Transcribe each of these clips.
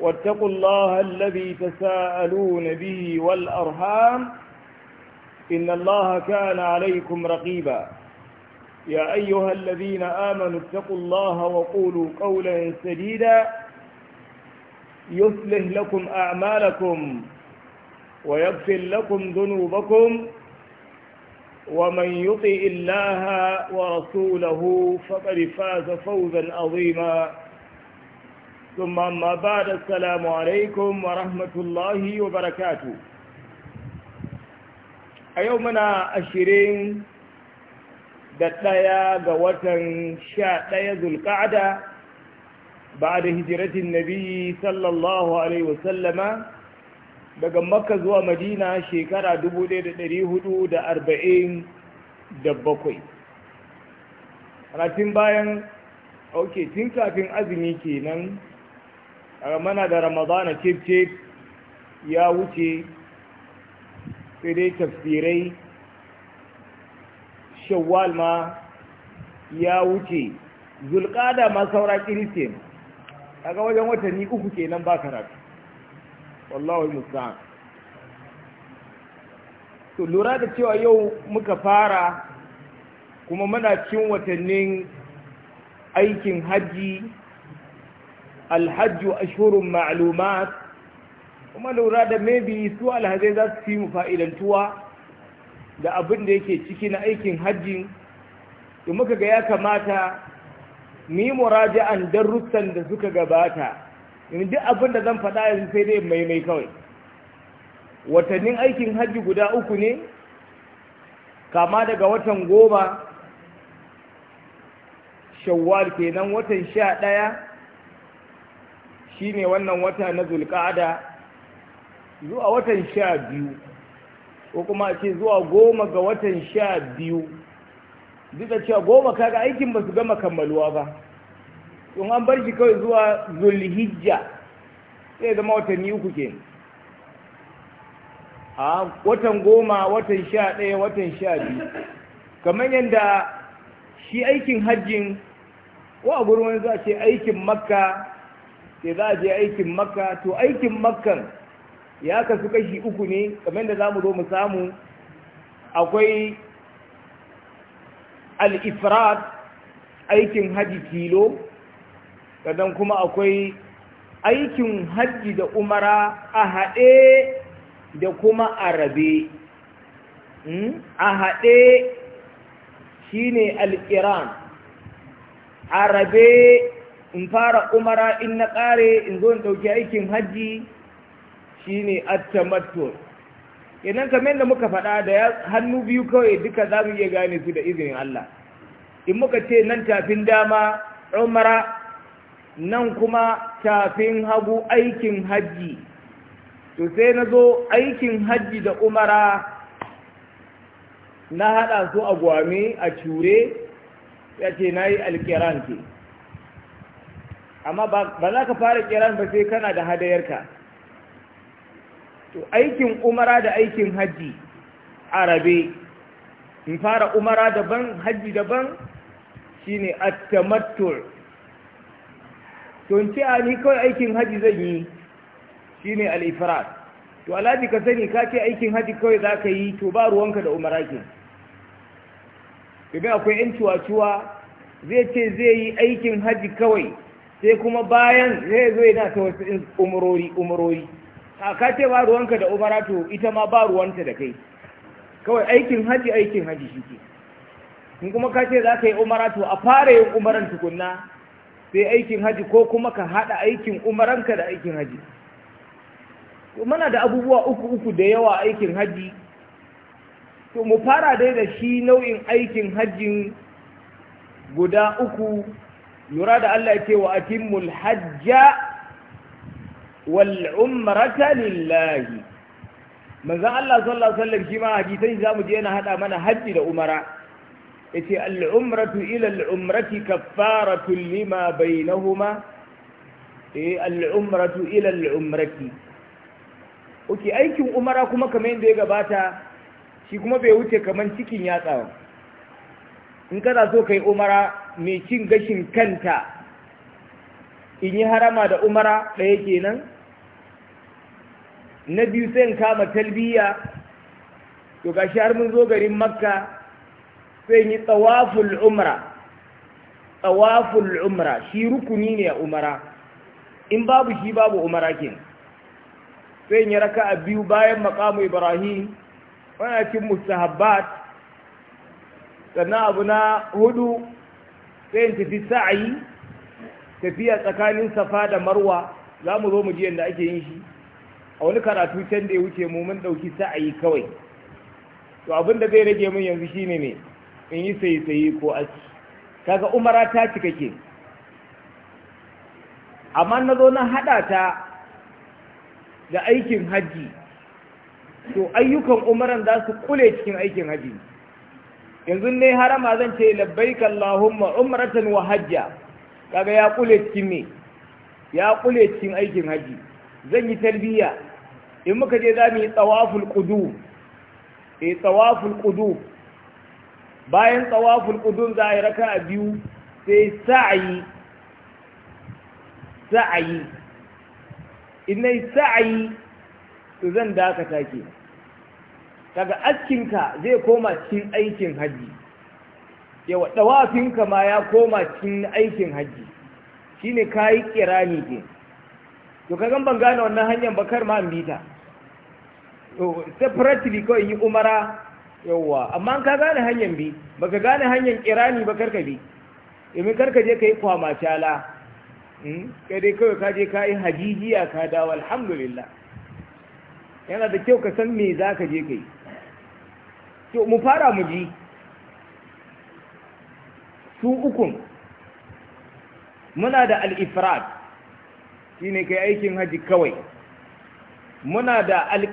واتقوا الله الذي تساءلون به والأرهام إن الله كان عليكم رقيبا يا أيها الذين آمنوا اتقوا الله وقولوا قولا سديدا يصلح لكم أعمالكم ويغفر لكم ذنوبكم ومن يطئ الله ورسوله فقد فاز فوزا عظيما ثم أما بعد السلام عليكم ورحمة الله وبركاته أيومنا أشرين دتايا قوة شاتايا ذو القعدة بعد هجرة النبي صلى الله عليه وسلم daga makka zuwa madina shekara 1447 ratin bayan ok tun kafin azumi kenan mana da ramadana cece ya wuce sai dai tafsirai shawwal ma ya wuce Zulqada ma saura kiristin daga wajen watanni uku kenan ba karatu wallahu musta'an to lura da cewa yau muka fara kuma muna cin watannin aikin hajji alhajju ashhurun ma'lumat kuma lura da maybe su alhazai za su mu fa'idantuwa da abin da yake ciki na aikin hajji da muka ga ya kamata mu yi muraja'an darussan da suka gabata in duk abin da zan faɗa yanzu sai dai mai kawai watannin aikin hajji guda uku ne kama daga watan goma shawwal kenan watan sha ɗaya Shi ne wannan wata na zulƙada zuwa watan sha biyu ko kuma ce zuwa goma ga watan sha biyu duk da cewa goma kaga aikin ba su gama kammaluwa ba in an bar shi kawai zuwa zulhijja sai zama watanni uku ke a watan goma watan sha ɗaya watan sha biyu kamar yadda shi aikin hajjin wa a gurin wani za a ce aikin makka sai za a je aikin makka to aikin makkan ya kasu kashi uku ne kamar da za mu zo mu samu akwai al ifrad aikin haji tilo sannan kuma akwai aikin haji da umara a haɗe da kuma arabe rabe hmm? a haɗe shi ne al'iran a in fara umara in na ƙare in zo in ɗauki aikin hajji shi ne attamattu idan kamar yadda muka faɗa da hannu biyu kawai duka za mu iya gane su da izinin Allah in muka ce nan tafin dama umara nan kuma tafin hagu aikin hajji to sai na zo aikin hajji da umara na haɗa su a gwame a cure ya ce na yi amma ba za ka fara kiran ba sai kana da hadayarka to aikin umara da aikin hajji a rabe in fara umara daban hajji daban shine at-tamattu to in ce a ni kawai aikin hajji zan yi shine al-ifrad to alaji ka sani ka ce aikin hajji kawai za ka yi to ba ruwanka da umara ke domin akwai 'yan cuwa-cuwa zai ce zai yi aikin hajji kawai sai kuma bayan zai zo yana ta wasu umurori umurori a ka ce ba ruwanka da umara to ita ma ba ruwanta da kai kawai aikin haji aikin haji shi ke in kuma ka ce za ka yi umara to a fara yin umaran tukunna sai aikin haji ko kuma ka haɗa aikin umaranka da aikin haji mana da abubuwa uku uku da yawa aikin haji to mu fara dai da shi nau'in aikin hajjin guda uku lura da Allah yake wa atimul hajja wal umrata lillahi manzon Allah sallallahu alaihi wasallam shi ma hadisan zamu je na hada mana haji da umara yace al umratu ila al umrati kaffaratu lima bainahuma eh al umratu ila al umrati uki aikin umara kuma kamar yadda ya gabata shi kuma bai wuce kaman cikin yatsa ba. in kana so ka yi umara mai cin gashin kanta in yi harama da umara ɗaya kenan na biyu sai in kama talbiya to shi har mun zo garin makka sai in yi tsawaful umara tsawaful umara shi rukuni ne a umara in babu shi babu umara kenan sai in yi raka a biyu bayan makamu ibrahim wana cin mustahabbat sannan abu na hudu sai tafi sa'ayi tafiya tsakanin safa da marwa za mu zo mu ji yadda ake yin shi a wani karatu can da ya wuce mu mun ɗauki sa'ayi kawai to abin da zai rage min yanzu shine ne in yi sayi-sayi ko aski kaga umara ta cika ke amma na zo na haɗa ta da aikin hajji to ayyukan umaran za su kule cikin aikin hajji yanzu ne harama zan ce labbaika Allahumma umratan wa hajja kaga ya kule cikin ne ya kule cikin aikin haji zan yi talbiya in muka je za mu yi tawaful qudum eh tawaful qudum bayan tawaful qudum za a yi raka'a biyu sai sa'ayi sa'ayi in nayi sa'ayi to zan dakata kenan daga askinka zai koma cikin aikin hajji yawa dawafinka ma ya koma cikin aikin hajji shi ne ka yi kirani ke to kaga ban gane wannan hanyar bakar ma bita to separately kawai yi umara yawa amma ka gane hanyar bi baka gane hanyar kirani ba karka bi domin karka je ka yi kwama cala hmm? kai dai kawai ka je ka yi hajijiya ka dawo alhamdulillah yana da kyau ka san me za ka je ka yi to mu fara mu ji su ukun muna da al shi ne kai aikin haji kawai muna da al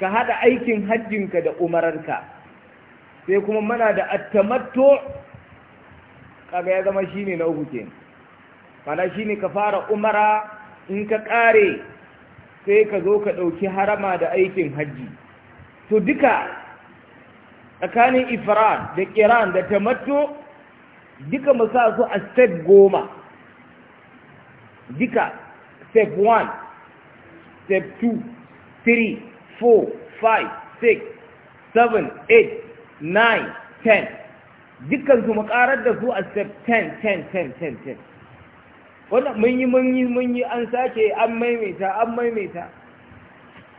ka haɗa aikin hajjinka da umararka sai kuma muna da at-tamattu kaga ya zama shi ne na uku mana shi ne ka fara umara in ka ƙare sai ka zo ka ɗauki harama da aikin hajji to duka tsakanin ifran da kiran da tamatto duka mu sa su a step goma duka step 1 step 2 3 4 5 6 7 8 9 10 su mu karar da su a step 10 10 10 10 mun yi mun yi mun yi an sake an maimaita an maimaita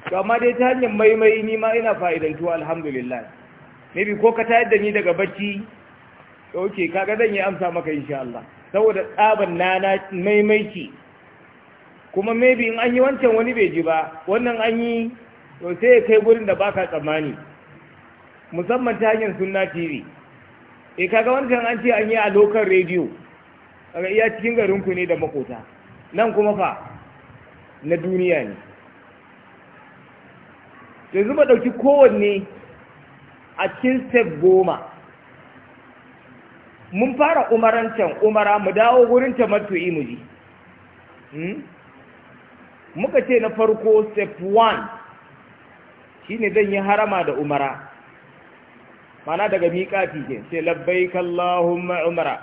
to amma dai ta hanyar maimai ni ma ina fa'idantuwa alhamdulillah maybe ko ka tayar da ni daga bacci okay kaga zan yi amsa maka insha Allah saboda tsaban na na maimaiki kuma maybe in an yi wancan wani bai ji ba wannan an yi to sai kai gurin da baka tsammani musamman ta hanyar sunna tv eh kaga wancan an ce an yi a local radio kaga iya cikin garin ku ne da makota nan kuma fa na duniya ne yanzu ba dauki kowanne a cikin step goma mun fara umarancan umara mu dawo wurin tamattu'i imuji hmm? muka ce na farko step 1 shine zan yi harama da umara mana daga miƙati ke sai labbaik mai umara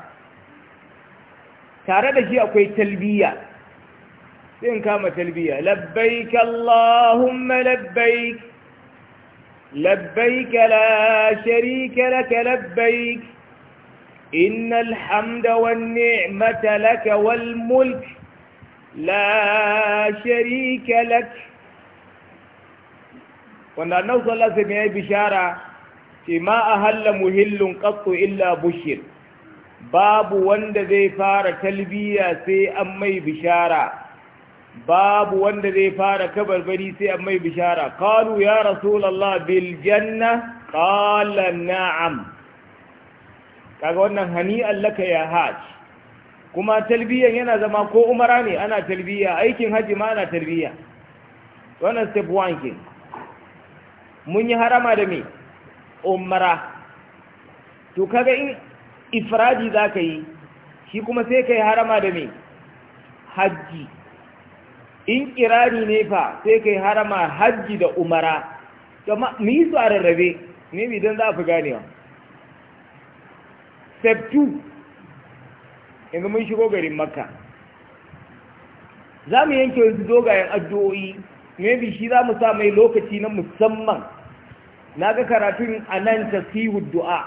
tare da shi akwai talbiya sai in kama talbiya labbaik mai labbai. لبيك لا شريك لك لبيك إن الحمد والنعمة لك والملك لا شريك لك wanda annabi sallallahu alaihi wasallam ya bishara ce ma ahalla muhillun qattu illa bushir babu wanda zai fara talbiya sai an mai bishara babu wanda zai fara kabarbari sai an mai bishara qalu ya rasulullah bil janna qala na'am kaga wannan hani allaka ya hajj kuma talbiyan yana zama ko umara ne ana talbiya aikin haji ma ana talbiya wannan step 1 mun yi harama da me umara to kaga in ifradi zaka yi shi kuma sai kai harama da me hajji in kirari ne fa sai kai harama hajji da umara mu yi su a rarrabe ne don za a fi ganewa step 2 mun shigo garin makka za mu yanke wasu dogayen addu'o'i bi shi za mu sa mai lokaci na musamman na ga karatun a nan du'a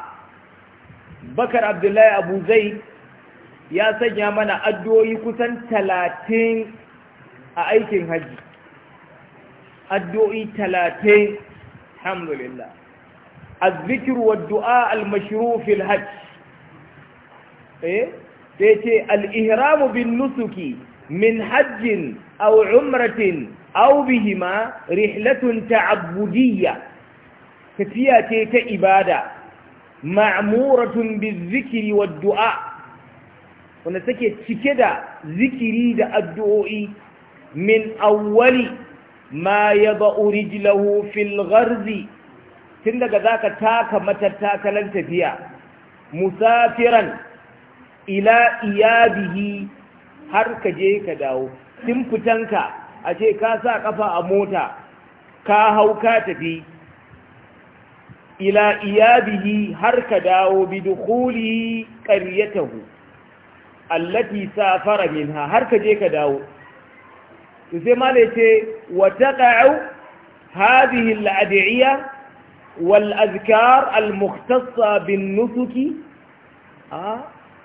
bakar abdullahi abu zai ya sanya mana addu'o'i kusan talatin a aikin hajji addu'o'i talatin alhamdulillah azzikir wa du'a al-mashru fil hajj eh sai ce al-ihramu bin nusuki min hajjin aw umratin aw bihima rihlatun ta'abbudiyya tafiya ce ta ibada ma'muratun bizikiri wa du'a wanda take cike da zikiri da addu'o'i min awwali ma yaba rijlahu fil gharzi tun daga zaka taka matattakalan tafiya musafiran ila iyabihi har ka je ka dawo tun fitanka a ce ka sa kafa a mota ka hau ka tafi ila iyabihi har ka dawo bi dukuli qaryatahu allati safara minha har ka je ka dawo sai ma da ce wa taqa'u hadhihi al-ad'iya al bin nusuki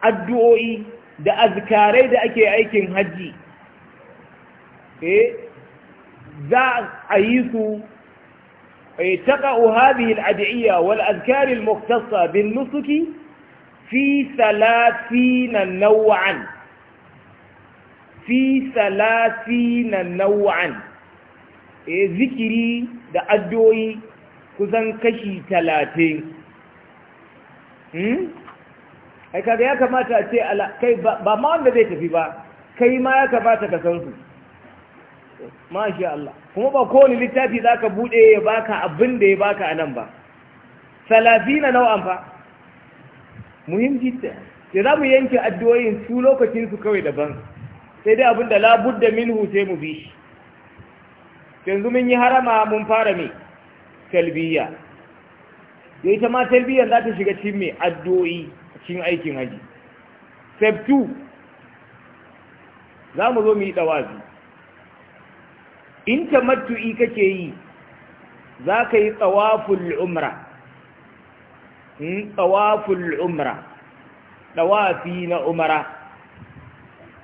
addu'o'i da azkarai da ake aikin hajji eh za a yi su تقع هذه muktasa bin nusuki بالنسك في na nau'an fi na nau'an e zikiri da addu'o'i kusan kashi talatin hmm? ai kaga ya kamata ce kai ba ma wanda zai tafi ba kai ma ya kamata ka san su Mashi Allah kuma ba kowane littafi za ka buɗe ya baka abin da ya baka anan ba na nau'an fa muhim jidda ya mu yanke addu'o'in su lokacinsu kawai daban sai dai abin da labudda minhu sai mu bi shi yanzu mun yi harama mun fara mai talbiya da ita ma talbiya za ta shiga cikin mai addu'o'i cikin aikin haji step 2 za mu zo mu yi ɗawazi in matu'i kake yi za ka yi tsawaful umra hmm, tsawaful umra ɗawafi na umara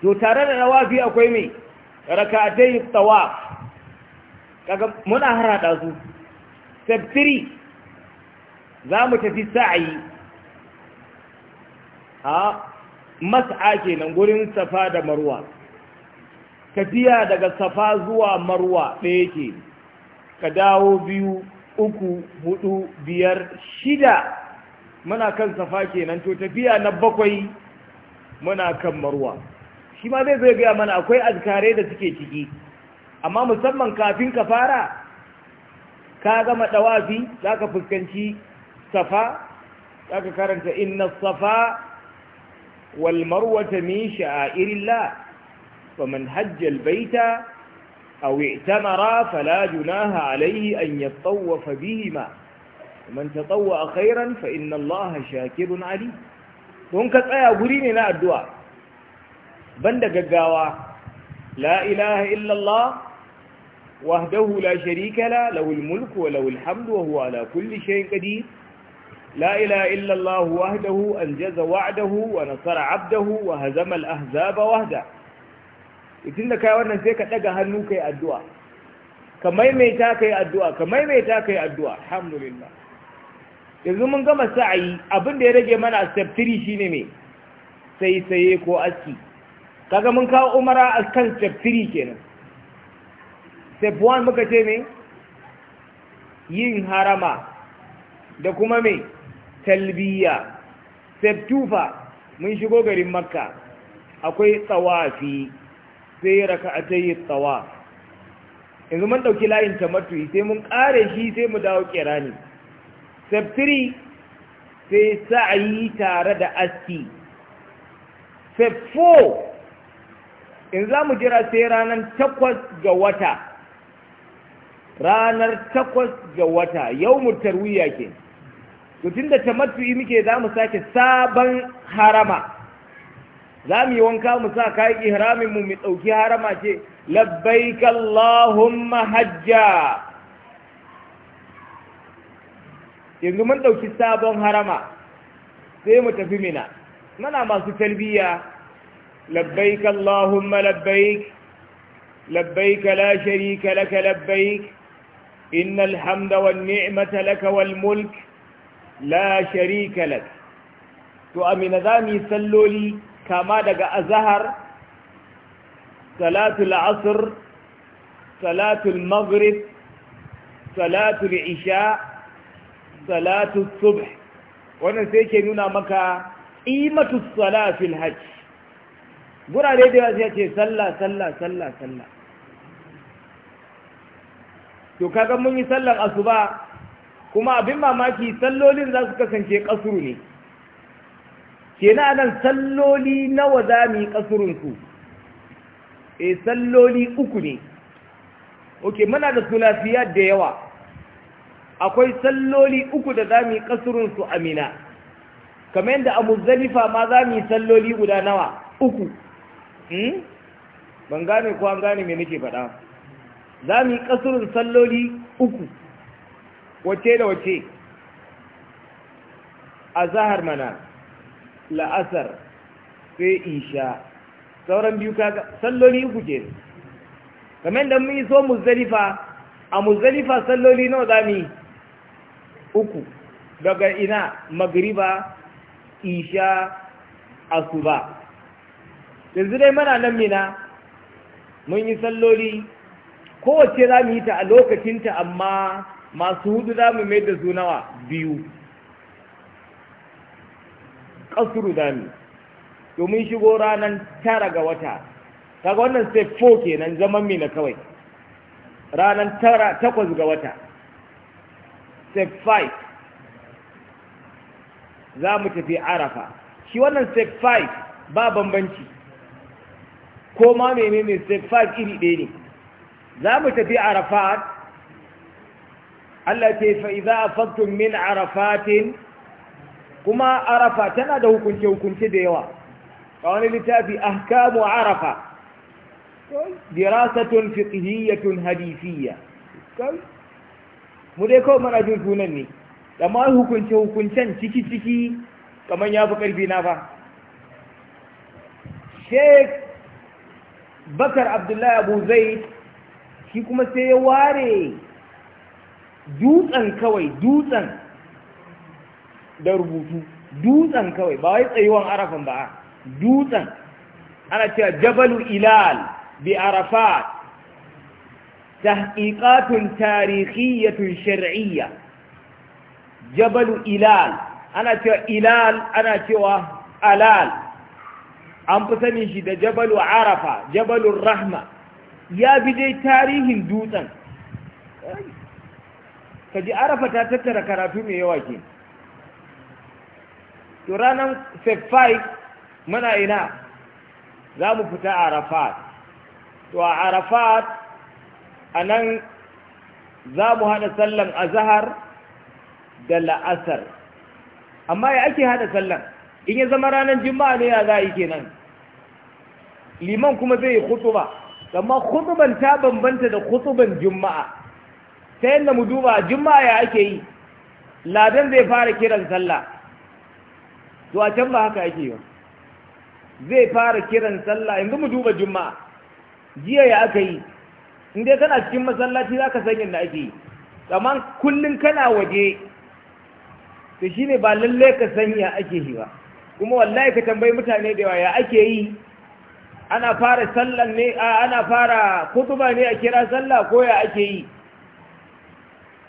to tare da nawafi akwai mai rakatai tawaf kaga muna harada su sabtiri za mu tafi sa'ayi a mas'a kenan gurin safa da marwa tafiya daga safa zuwa marwa ɗaya ke ka dawo biyu uku hudu biyar shida muna kan safa kenan to tafiya na bakwai muna kan marwa shi ma zai zai gaya mana akwai azkare da suke ciki amma musamman kafin ka fara ka gama ɗawafi za ka fuskanci safa za ka karanta inna safa wal marwata min sha'irillah faman hajjal baita a i'tamara fala junaha alayhi an yatawwafa bihima man tatawwa khairan fa inna allaha shakirun ali don ka tsaya guri ne na addu'a banda gaggawa la ilaha illallah wahdahu la sharika la lahul mulku wa lahul hamdu wa huwa ala kulli shay'in qadir la ilaha illallah wahdahu anjaza wa'dahu wa nasara 'abdahu wa hazama al-ahzaba wahda idan da kai wannan sai ka daga hannu kai addu'a ka maimaita kai addu'a ka maimaita kai addu'a alhamdulillah yanzu mun gama sa'ayi Abinda ya rage mana step 3 shine me sai sai ko aski kaga mun kawo umara a kan step 3 kenan step 1 muka ce ne yin harama da kuma mai talbiya step 2 fa mun shigo garin makka akwai tsawafi sai raka a ta yi tsawaf yanzu mun dauki layin tamattu sai mun kare shi sai mu dawo kirani step 3 sai sa'ayi tare da aski step 4 in za mu jira sai ranar takwas ga wata ranar takwas ga wata yau mu tarwiya ke tutun da tamattu'i muke za mu sake sabon harama za mu yi wanka mu sa kayan ihramin mu mu ɗauki harama ce Labbai Kallahun hajja yanzu mun ɗauki sabon harama sai mu tafi mina mana masu talbiya لبيك اللهم لبيك لبيك لا شريك لك لبيك إن الحمد والنعمة لك والملك لا شريك لك تؤمن ذامي سلولي كما دقى أزهر صلاة العصر صلاة المغرب صلاة العشاء صلاة الصبح wannan sai ke nuna maka ƙimatu salafil hajj Burare da yawa ce sallah sallah sallah sallah to kaga mun yi sallar asuba kuma abin mamaki sallolin za su kasance kasuru ne Ke na nan salloli nawa za mu yi kasurun su e eh, salloli uku ne oke muna da sulafiya da yawa akwai salloli uku da za mu yi kasurun su amina kamar yadda a muzdalifa ma za mu yi salloli guda nawa uku Hmm? ban gane ko an gane me nake faɗa za mu yi ƙasurin salloli uku wace da wace a zahar mana la'asar sai isha sauran biyu kaga salloli uku ke kamar da mun mu muzdalifa a muzdalifa salloli nawa za mu yi uku daga ina magriba isha asuba yanzu dai mana nan mina mun yi salloli kowace za mu yi ta a lokacinta amma masu hudu za mu mai da nawa biyu ƙasuru za mu domin shigo ranar tara ga wata kaga wannan step 4 kenan zaman mina kawai ranar tara takwas ga wata step 5 za mu tafi arafa shi wannan step 5 ba bambanci ko ma menene sai 5 iri ɗaya ne za mu tafi arafat Allah ce fa'iza a faktun min arafatin kuma arafa tana da hukunce-hukunce da yawa a wani littafi ahkamu arafa dirasatun fiqhiyyatun hadisiyya mu dai kawo mana jin sunan ne ma hukunce-hukuncen ciki-ciki kamar ya fi ƙarfi na ba sheik bakar abdullahi abu zai shi kuma sai ya ware dutsen kawai dutsen da rubutu dutsen kawai ba wai tsayuwan arafan ba dutsen ana cewa jabalu ilal bi arafat tahqiqatun tarihiyyatun shar'iyya jabalu ilal ana cewa ilal ana cewa alal an fi sanin shi da jabalu arafa jabalun rahma ya bi dai tarihin dutsen kaji arafa ta tattara karatu mai yawa ke to ranar step 5 mana ina za mu fita arafat to a arafat a nan za mu haɗa sallan azahar da la'asar amma ya ake haɗa sallan in ya zama ranar juma'a ne ya za a yi kenan liman kuma zai yi khutuba amma khutuban ta bambanta da khutuban juma'a ta yadda mu duba juma'a ya ake yi ladan zai fara kiran sallah to a can ba haka ake ba zai fara kiran sallah yanzu mu duba juma'a jiya ya aka yi in dai kana cikin masallaci za ka san yadda ake yi amma kullum kana waje to shine ba lallai ka sanya ake yi ba kuma wallahi ka tambayi mutane da yawa ya ake yi ana fara sallan ne ana fara kutuba ne a kira sallah ko ya ake yi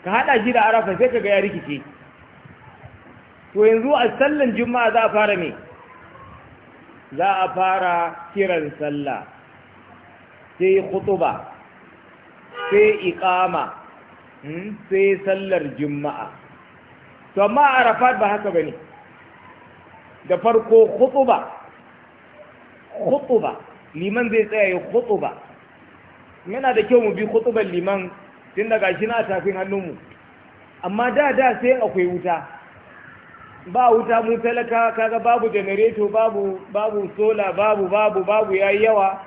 ka hada shi da arafa sai ka ga ya rikice to yanzu a sallan juma'a za a fara ne? za a fara kiran sallah sai kutuba sai iqama hmm, sai sallar juma'a to amma arafat ba haka bane da farko khutuba khutuba liman zai tsaya ya khutuba yana da kyau mu bi khutuban liman tun daga shi na tafin hannunmu amma da da sai akwai wuta ba wuta mu talaka kaga babu janareto babu babu sola babu babu babu yayi yawa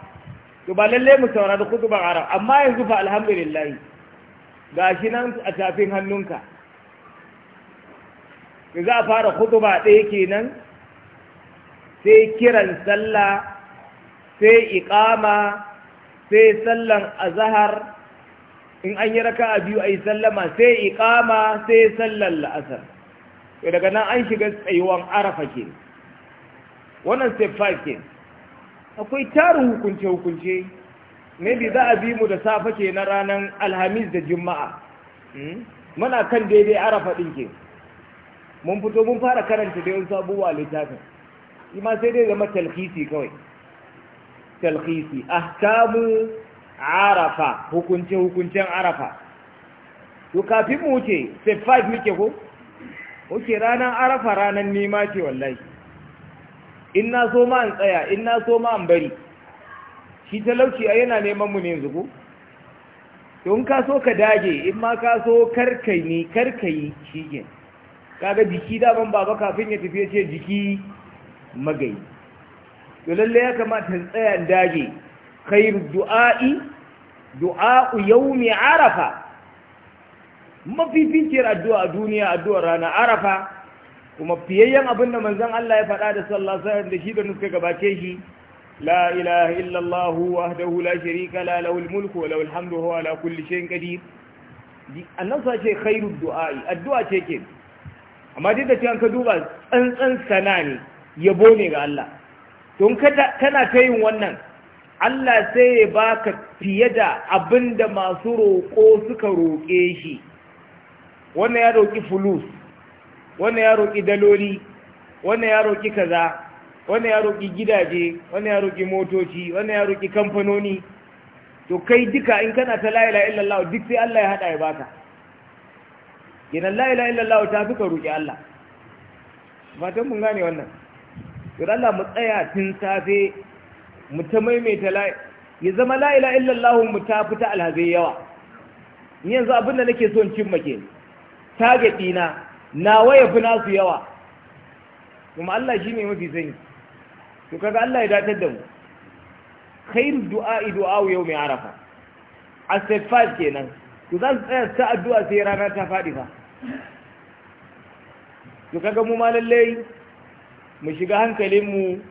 to ba lalle mu saurari khutuban arab amma yanzu fa alhamdulillah shi nan a tafin hannunka za a fara khutuba ɗaya kenan sai kiran sallah sai iqama sai sallan azhar in an yi raka a biyu ayi sallama sai iqama sai sallan la'asar to daga nan an shiga tsayuwan arafa ke wannan step 5 ke akwai tarin hukunce hukunce maybe za a bi mu da safe ke na ranar alhamis da juma'a hmm? muna kan daidai arafa ɗin ke mun fito mun fara karanta da yin sabuwa littafin shi ma sai dai zama talhisi kawai talhisi ahkamu arafa hukunce hukuncen arafa to kafin mu wuce step 5 muke ko wuce ranar arafa ranar nema ce wallahi in na so ma an tsaya in na so ma an bari shi talauci a yana neman mu ne yanzu ko to in ka so ka dage in ma ka so karkai ne karkai shi ke kaga jiki daban baba kafin ya tafi ya ce jiki magayi to lalle ya kamata tsaya dage khairu du'a'i du'a'u yawmi arafa mafificiyar addu'a a duniya addu'ar rana arafa kuma fiyayyen abin da manzon Allah ya faɗa da sallah alaihi da shi da nuka gabace shi la ilaha illallah wahdahu la sharika la lahul mulku wa lahul hamdu huwa ala kulli shay'in qadir annan sa ce khairu du'a'i addu'a ce ke amma duk da cewa ka duba tsantsan sana ne yabo ne ga Allah don kana ta yin wannan Allah sai ya baka fiye da abin da masu roƙo suka roƙe shi wannan ya roƙi fulus wannan ya roƙi daloli wannan ya roƙi kaza wannan ya roƙi gidaje wannan ya roƙi motoci wannan ya roƙi kamfanoni to kai duka in kana ta la'ila illallah duk sai Allah ya haɗa ya baka gidan la ilaha illallah ta fi ka roƙi Allah fatan mun gane wannan yau Allah mu tsaya tun safe mu ta maimaita la ya zama la ila illallah mu ta fita alhazai yawa ni yanzu abin da nake so in cimma ke target dina na waya fi nasu yawa kuma Allah shi ne mafi sani to kaga Allah ya datar da mu khairu du'a'i du'a'u yawmi arafa astaghfar kenan to za su tsaya ta addu'a sai rana ta fadi fa to kaga mu ma lallai mu shiga hankalinmu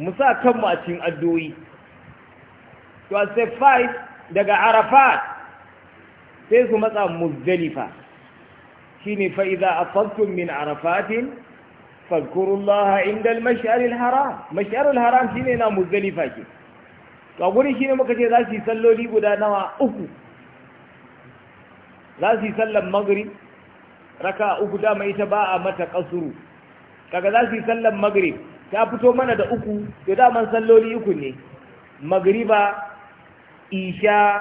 mu sa kanmu a cikin addu'o'i to a step 5 daga arafat sai su matsa muzdalifa ne fa a afadtum min arafatin fadhkurullaha inda al-mash'ar al-haram haram. al haram shi ne haram shine na muzdalifa ke to guri ne muka ce za su yi salloli guda nawa uku za su yi sallan maghrib raka uku dama ita ba a mata kasuru kaga za su yi sallan magrib ta fito mana da uku to daman salloli uku ne magriba isha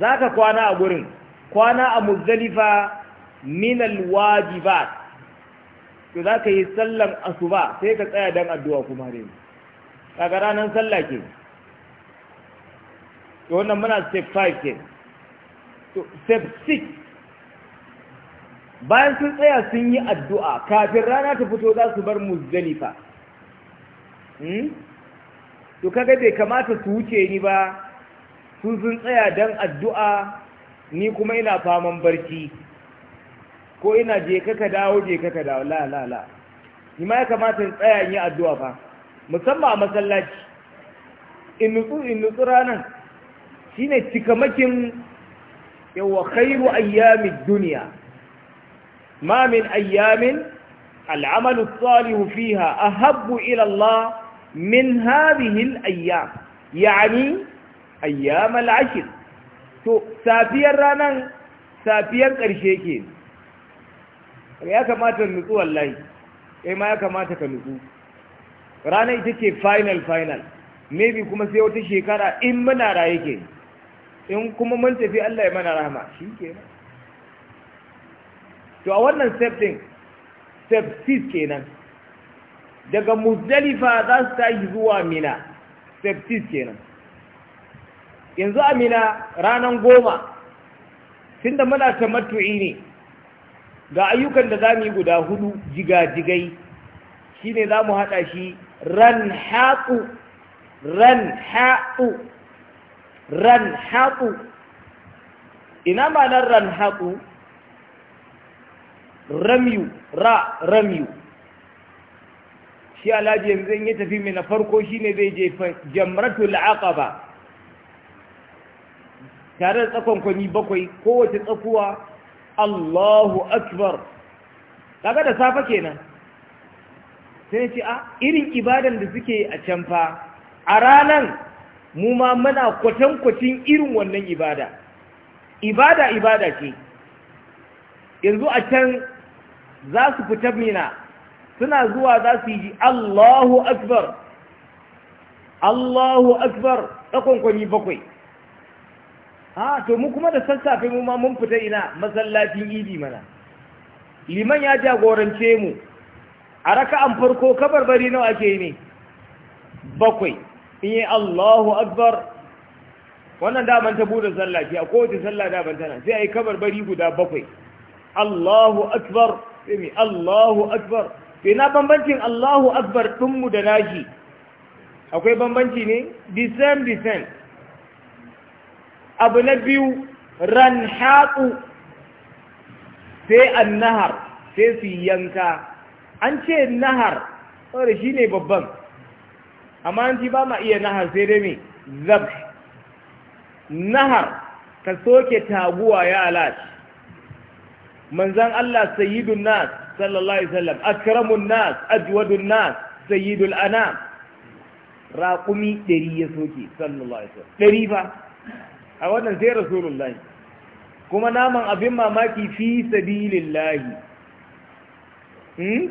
za ka kwana a gurin kwana a muzdalifa minal wajibat to za ka yi sallan asuba sai ka tsaya dan addu'a kuma dai kaga ranar sallah ke to wannan muna step 5 ke to step bayan sun tsaya sun yi addu'a kafin rana ta fito za su bar muzdalifa hmm? to kaga bai kamata su wuce ni ba su sun tsaya don addu'a ni kuma ina faman barci ko ina je kaka dawo je kaka dawo la la la ni ma ya kamata in tsaya in yi addu'a fa musamman a masallaci in nutsu in nutsu ranar shine cikamakin yawa khairu ayyamin duniya ma min ayyamin al'amalu salihu fiha ahabbu ila Allah min hadhihi al-ayyam yani ayyam al-ashr to safiyar ranan safiyar karshe ke ya kamata nutsu wallahi ya kamata ka ita ce maybe kuma sai wata shekara in muna raye ke in kuma mun tafi Allah ya mana rahama to a wannan step din step 6 kenan daga muzdalifa za su tashi zuwa mina step 6 kenan yanzu a mina ranar goma tun da muna tamattu'i ne ga ayyukan da za mu yi guda hudu jigajigai shi ne za mu haɗa shi ran haƙu ran haƙu ran haƙu ina ma nan ran haƙu ramyu ra ramiyu shi alhaji yanzu in ya tafi mai na farko shine zai jefa jamratul ba. tare da tsakon kwani bakwai kowace tsakuwa Allahu akbar kaga da safa kenan sai ce a ah, irin ibadan da suke a can fa a ranan mu ma muna kwatankwacin irin wannan ibada ibada ibada ce yanzu a can za su fita mina suna zuwa za su yi Allahu Akbar Allahu Akbar ɗakwankwani bakwai ha to mu kuma da sassafe mu ma mun fita ina masallacin idi mana liman ya jagorance mu a raka'an farko kabarbari nawa ake ne bakwai in yi Allahu Akbar wannan daman ta bude sallah a kowace sallah daban tana sai a yi kabarbari guda bakwai Allahu Akbar sai Allahu Akbar sai na bambancin Allahu Akbar ɗinmu da nashi akwai bambanci ne the disen abu na biyu ran haƙu sai an nahar sai su yanka an ce nahar saboda shi ne babban amma an ci ba ma iya nahar sai dai mai zab nahar ka soke taguwa ya alashi manzan Allah sayyidun nas sallallahu alaihi wasallam akramun nas ajwadun nas sayyidul anam raƙumi ɗari ya soke sallallahu alaihi wasallam ɗari fa a wannan sai rasulullahi kuma naman abin mamaki fi sabilillahi hmm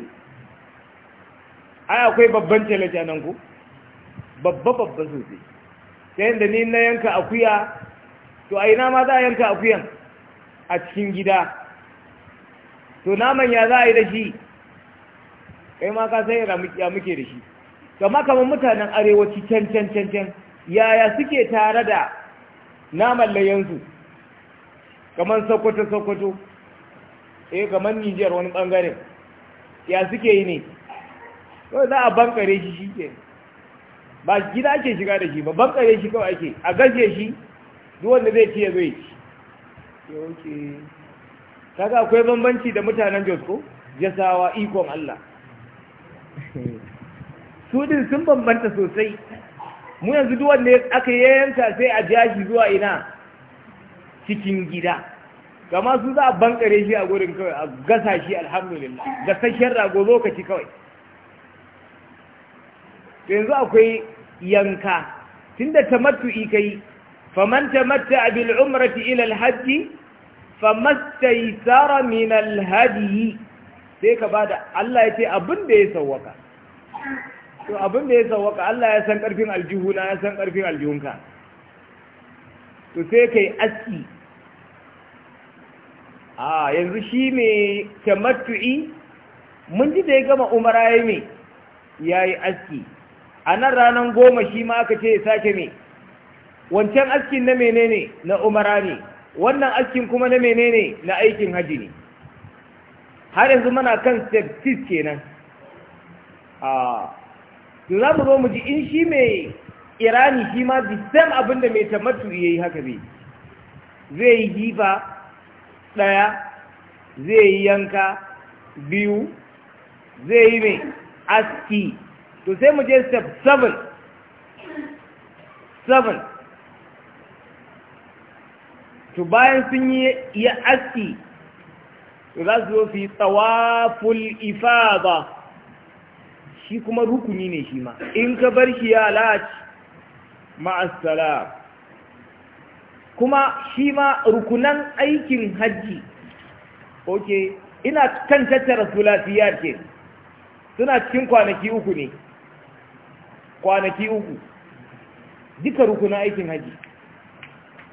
ai akwai babban challenge nan ko babba babba sosai sai inda ni na yanka akuya to a ina ma za a yanka akuyan a cikin gida to naman ya za a yi da shi kai ma ka sai ya muke da shi kama kama mutanen arewaci can can can can yaya suke tare da naman layansu kamar sokoto sokoto eh kamar nijar wani bangare ya suke yi ne kawai za a bankare shi shi ke ba gida ake shiga da shi ba bankare shi kawai ake a gashe shi duk wanda zai ce zai ci yau ke kaga akwai bambanci da mutanen jos ko jasawa ikon Allah su din sun bambanta sosai mu yanzu duk wanda aka yayyanta sai a jashi zuwa ina cikin gida kama su za a bankare shi a gurin kawai a gasa shi alhamdulillah gasashen rago lokaci kawai yanzu akwai yanka tunda tamattu'i kai faman tamatta bil umrati ila al hajji tsara minal alhadi sai ka bada Allah ya ce abin da ya sauwaka to abin da ya sauwaka Allah ya san karfin aljihuna ya san karfin aljihunka to sai ka yi aski a yanzu shi ne tamattu'i mun ji da ya gama umara ya mai ya yi aski a nan ranar goma shi ma aka ce ya sake mai wancan askin na menene na umara ne wannan askin kuma na menene na aikin haji ne har yanzu muna kan step 6 kenan a to za mu zo mu ji in shi mai irani shi ma the same abin da mai tamattu ya yi haka zai zai yi gifa ɗaya zai yi yanka biyu zai yi mai aski to sai mu je step 7 7 to bayan sun yi ya aski to za su zo fi yi tsawaful ifada shi kuma rukuni ne shi ma in ka bar shi ya lalace ma'asala kuma shi ma rukunan aikin hajji ok ina kan tattara lafiya ke suna cikin kwanaki uku ne kwanaki uku duka rukunan aikin hajji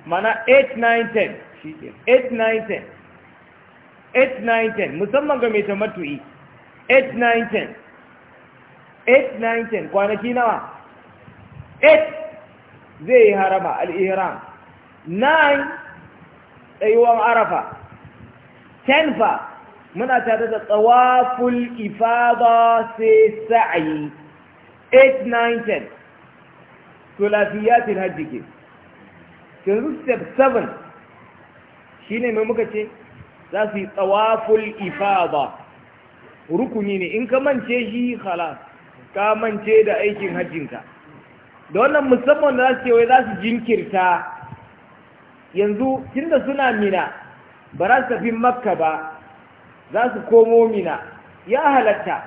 mana 8-9-10 8-9-10 8-9-10 musamman ga mai tamatu'i 8-9-10 8-9-10 kwanaki nawa 8 zai yi harama al'iran. 9 tsayuwan arafa 10 fa muna tare da tsawaful ifada sai sa'ayi 8-9-10 tulafiyatin hajji ke yanzu step 7 ne mai muka ce za su yi tsawaful ifada rukuni ne in ka mance shi khalas ka mance da aikin hajjinka da wannan musamman da za su wai za su jinkirta yanzu tunda suna mina ba za su tafi makka ba za su komo mina ya halatta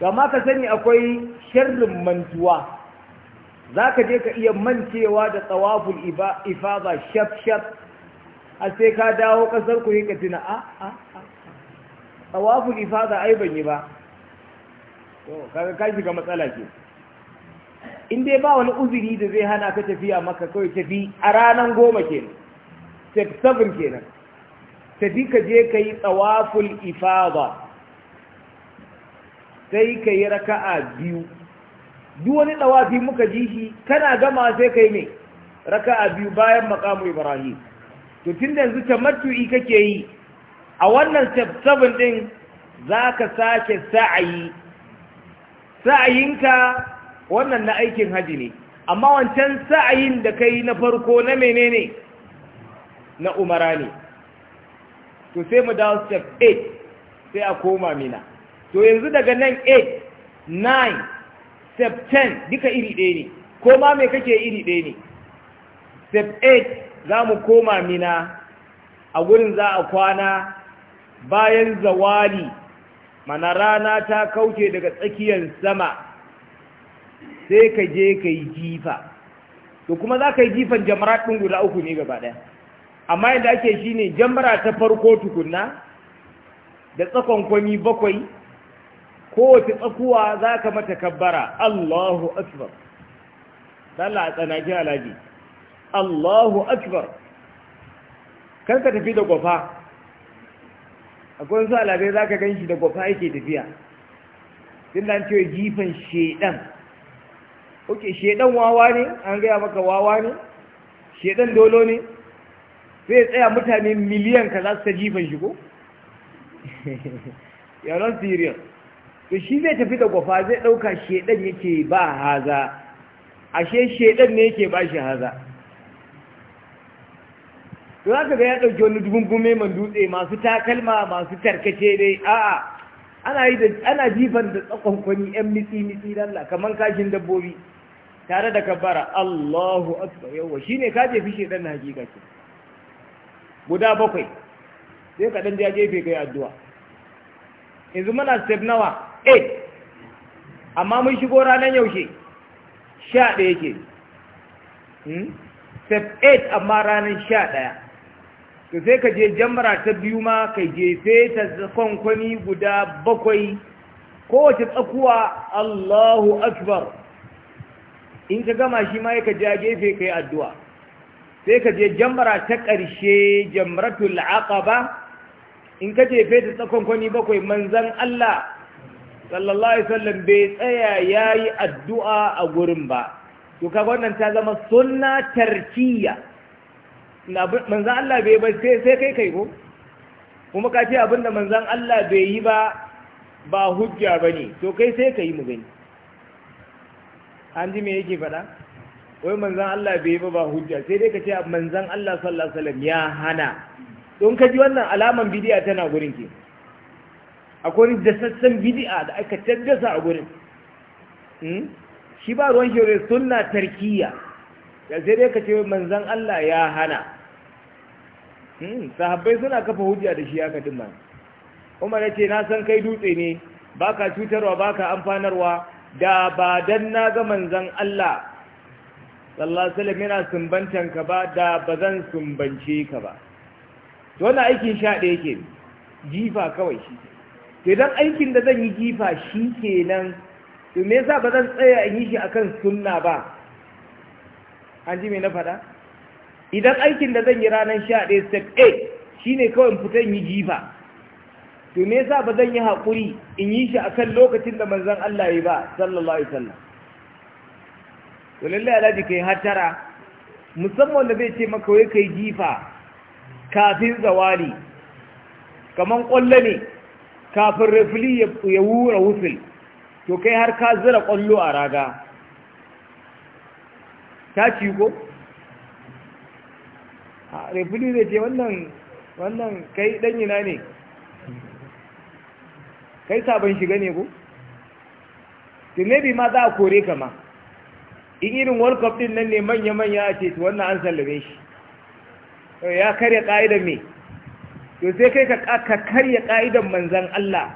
gama ka sani akwai sharrin mantuwa za ka je ka iya mancewa da tsawaful ifaba shafshaf a sai ka dawo kasar ku ka tuna a a a tsawaful ifaba ai ban yi ba kaga ka shiga matsala ke in dai ba wani uzuri da zai hana ka tafiya maka kawai tafi a ranar goma kenan step 7 kenan tafi ka je ka yi tsawaful ifaba sai ka yi raka'a biyu duk wani dawafi muka ji shi kana gama sai kai ne a biyu bayan makamu ibrahim to tun da yanzu tamattu'i kake yi a wannan step 7 din ka sake sa'ayi sa'ayinka wannan na aikin haji ne amma wancan sa'ayin da kai na farko na menene na umara ne to sai mu dawo step 8 sai a koma mina to yanzu daga nan 8 9 step 10 duka iri ɗaya ne ko ma mai kake iri ɗaya ne step 8 za mu koma mina a gurin za a kwana bayan zawali mana rana ta kauce daga tsakiyar sama sai ka je ka yi jifa to kuma za ka yi jifan jamara ɗin guda uku ne gaba ɗaya amma yadda ake shi ne jamara ta farko tukunna da tsakon kwami bakwai kowace tsakuwa za ka mata kabbara Allahu Akbar Allah a tsanaki alaji Allahu Akbar kan ka tafi da gwafa akwai wasu alabai za ka gan shi da gwafa yake tafiya din ce cewa jifan shedan oke shedan wawa ne an gaya maka wawa ne shedan dolo ne sai tsaya mutane miliyan ka za su ta jifan shi ko yaron sirius to shi zai tafi da gwafa zai ɗauka shaidan yake ba haza ashe shaidan ne yake ba shi haza to za ka ga ya ɗauki wani dugungume man dutse masu takalma masu tarkace dai a'a ana yi da ana jifan da tsakonkwani yan mitsi mitsi lalla kaman kashin dabbobi tare da kabbara Allahu akbar yawa shine ka jefi shaidan na hakika ce guda bakwai sai ka dan ja jefe kai addu'a yanzu muna step nawa 8 amma mun shigo ranar yaushe 11 yake ke hmm? step 8 amma ranar 11 to sai ka je jamara ta biyu ma ka jefe ta kwankwani guda bakwai kowace tsakuwa Allahu Akbar in ka gama shi ma ka ja gefe ka yi addu'a sai ka je jamara ta ƙarshe jamratul aqaba in ka jefe ta tsakonkwani bakwai manzan Allah sallallahu alaihi wasallam bai tsaya yayi addu'a a gurin ba to kaga wannan ta zama sunna tarkiya manzan Allah bai ba sai sai kai kai ko kuma ka ce abinda manzan Allah bai yi ba ba hujja bane to kai sai kai mu gani an ji me yake faɗa wai manzan Allah bai yi ba ba hujja sai dai ka ce manzan Allah sallallahu alaihi wasallam ya hana don ka ji wannan alaman bidiya tana gurin ke akwai dasassan bidi'a da aka taddasa a gurin hmm? shi ba ruwan shi suna tarkiya ya sai dai ka ce manzan Allah ya hana hmm? sahabbai suna kafa hujja da shi ya ka Umar ya ce na san kai dutse ne baka cutarwa baka amfanarwa da ba dan na ga manzan Allah sallallahu yana sumbantan ka ba da bazan sumbance ka ba to wannan aikin sha da yake jifa kawai shi idan aikin da zan yi jifa shi kenan to me yasa ba zan tsaya in yi shi akan sunna ba an ji mai na faɗa idan aikin da zan yi ranar sha ɗaya step a ne kawai fitan yi jifa to me yasa ba zan yi haƙuri in yi shi akan lokacin da manzan Allah ya ba sallallahu alaihi wasallam to lallai ka kai hatara musamman da zai ce maka wai kai jifa kafin zawali kaman ƙwallo ne kafin rafili ya wura wufil to kai har ka zira kwallo a raga ta ci ko? A rafili zai ce wannan kai danyina ne kai sabon shiga ne ko? tunabi ma za a kore kama. in irin world cup din nan ne manya-manya a ce wannan an sallame shi ya karya ƙa'idar mai to sai kai ka karya ƙa'idan manzan Allah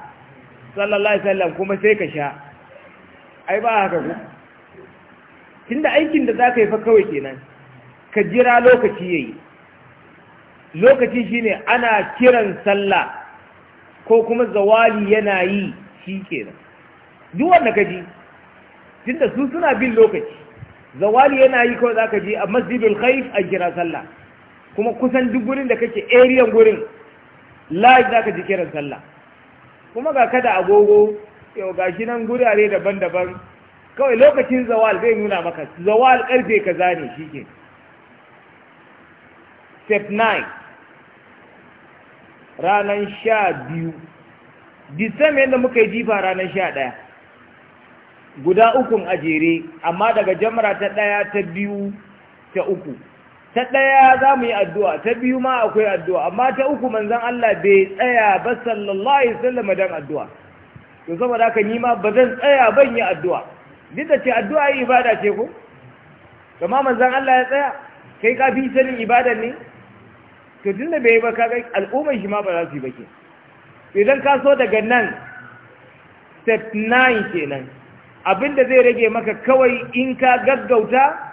sallallahu alaihi wasallam kuma sai ka sha ai ba haka ku tunda aikin da zaka yi fa kawai kenan ka jira lokaci yayi lokaci shine ana kiran sallah ko kuma zawali yana yi shi kenan duk wanda ka ji tunda su suna bin lokaci zawali yana yi kawai zaka ji. a masjidul khaif a kira sallah kuma kusan duk gurin da kake area gurin live za ka ji kiran sallah kuma ga kada agogo yau ga shi nan gurare daban-daban kawai lokacin zawal zai nuna maka zawal karfe ka zane shi ke step 9 ranar sha biyu disam yadda muka yi jifa ranar sha ɗaya guda ukun a jere amma daga jamara ta ɗaya ta biyu ta uku ta ɗaya za mu yi addu'a ta biyu ma akwai addu'a amma ta uku manzan Allah bai tsaya ba sallallahu alaihi wasallam dan addu'a to saboda haka yi ma ba zan tsaya ban yi addu'a duk da ce addu'a yi ibada ce ko kuma manzan Allah ya tsaya kai ka fi sanin ibada ne to da bai yi ba kaga al'ummar shi ma ba za su yi ba ke idan ka so daga nan step 9 kenan abinda zai rage maka kawai in ka gaggauta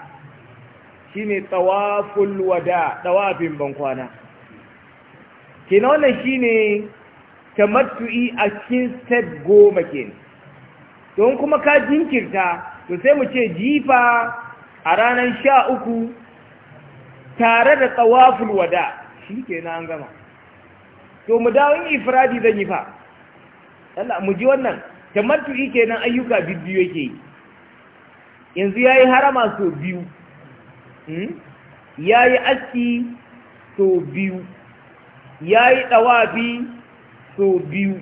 shine tawaful wada tawafin bankwana kina wannan shine tamattu'i a cikin step goma kenan don kuma ka jinkirta to sai mu ce jifa a ranar sha uku tare da tsawafin wada shi ke na an gama to mu dawo dawon ifiradi zan yi fa Allah mu ji wannan tamattu'i kenan ayyuka biyu yake yi yanzu yayi harama so biyu Hmm? ya yi aski so biyu ya yi ɗawafi so biyu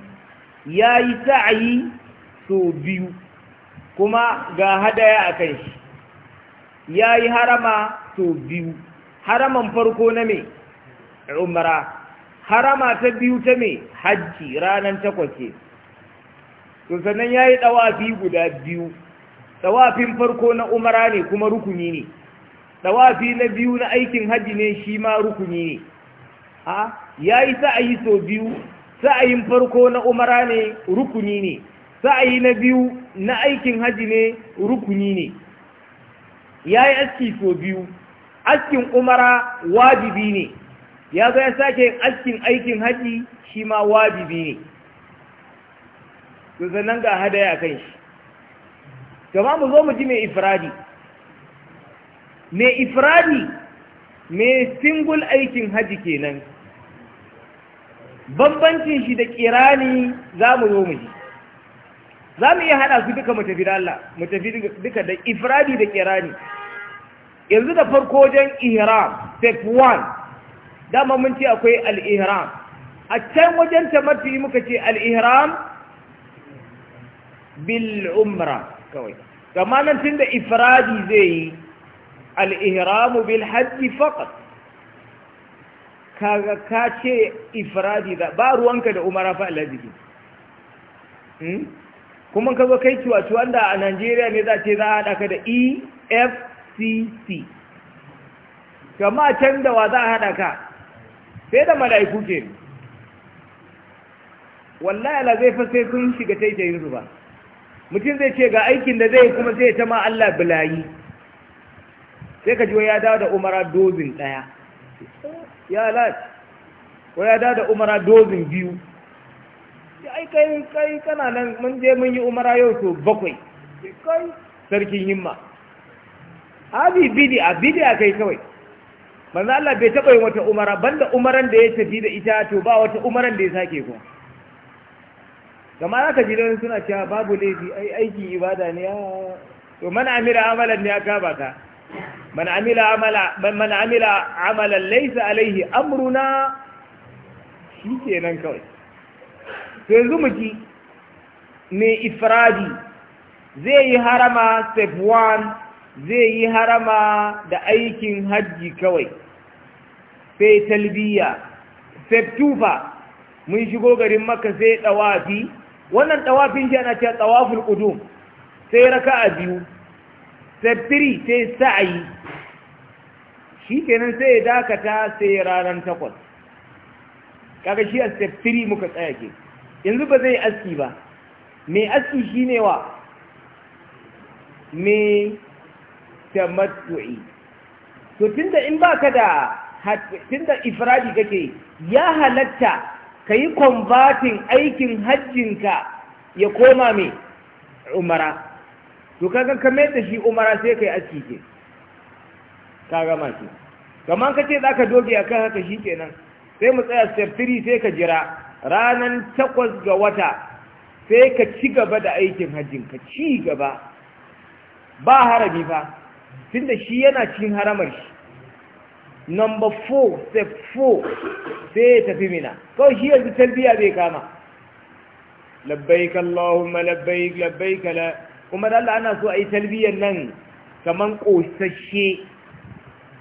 ya yi sa'ayi so biyu kuma ga hadaya a kan shi ya yi harama so biyu haraman farko na me umara harama ta biyu ta me hajji ranar takwas sannan ya yi ɗawafi guda biyu ɗawafin farko na umara ne kuma rukuni ne tawafi na biyu na aikin haji ne shi ma rukuni ne a yi sa'ayi so biyu sa'ayin farko na umara ne rukuni ne sa'ayi na biyu na aikin haji ne rukuni ne Ya yi aski so biyu askin umara wajibi ne ya zo ya sake askin aikin haji shi ma wajibi ne sannan ga hadaya kan shi gama mu zo mu ji mai ifradi mai ifradi mai singul aikin haji kenan bambancin shi da kirani za mu zo mu yi za mu iya hada su duka mu tafi da Allah mu tafi duka da ifradi da kirani yanzu da farko wajen ihram step 1 dama mun ce akwai al-ihram a can wajen tamattu muka ce al-ihram bil umra kawai kama nan tunda ifradi zai yi al-ihramu bil hajji faqat kaga ka ce ifradi da ba ruwanka da umara fa Allah ke. kuma ka zo kai ciwaciwa da a Najeriya ne za ce za a haɗa da EFCC kama can da wa za a haɗa sai da mala'iku ke wallahi Allah zai fa sai sun shiga taitayin su ba mutum zai ce ga aikin da zai kuma sai ta ma Allah bilayi sai ka ji ya dawo da umara dozin ɗaya ya lati ko ya dawo da umara dozin biyu ya ai kai kai kana nan mun je mun yi umara yau to bakwai kai sarkin himma abi bidi a bidi a kai kawai manzo Allah bai taɓa yin wata umara banda umaran da ya tafi da ita to ba wata umaran da ya sake kuma Gama aka ji don suna cewa babu laifi ai aikin ibada ne to man amira amalan ne aka baka man amila amala man amila amalan laysa alaihi amruna shikenan kawai to yanzu mu ji mai ifradi zai yi harama step 1 zai yi harama da aikin hajji kawai sai talbiya step 2 fa mun shigo garin maka sai dawafi wannan tawafin shi ana cewa tawaful qudum sai raka'a biyu sabiri sai sa'ayi shi kenan sai ya dakata sai ya ranar takwas kaga shi a sabiri muka tsaya ke yanzu ba zai aski ba mai aski shi ne wa mai tamattu'i to tunda in baka da tunda ifradi kake ya halatta ka yi kwambatin aikin hajjinka ya koma mai umara to kaga ka mai da shi umara sai kai aski ke ka gama shi kamar ka ce za ka doge a kan haka shi kenan sai mu tsaya step 3 sai ka jira ranan takwas ga wata sai ka ci gaba da aikin hajjin ka ci gaba ba harami fa tunda shi yana cikin haramar shi number 4 step 4 sai ya tafi mina kawai shi yanzu talbiya zai kama labbaik allahumma labbaik labbaik la kuma da Allah ana so a yi talbiyyar nan kaman ƙosashe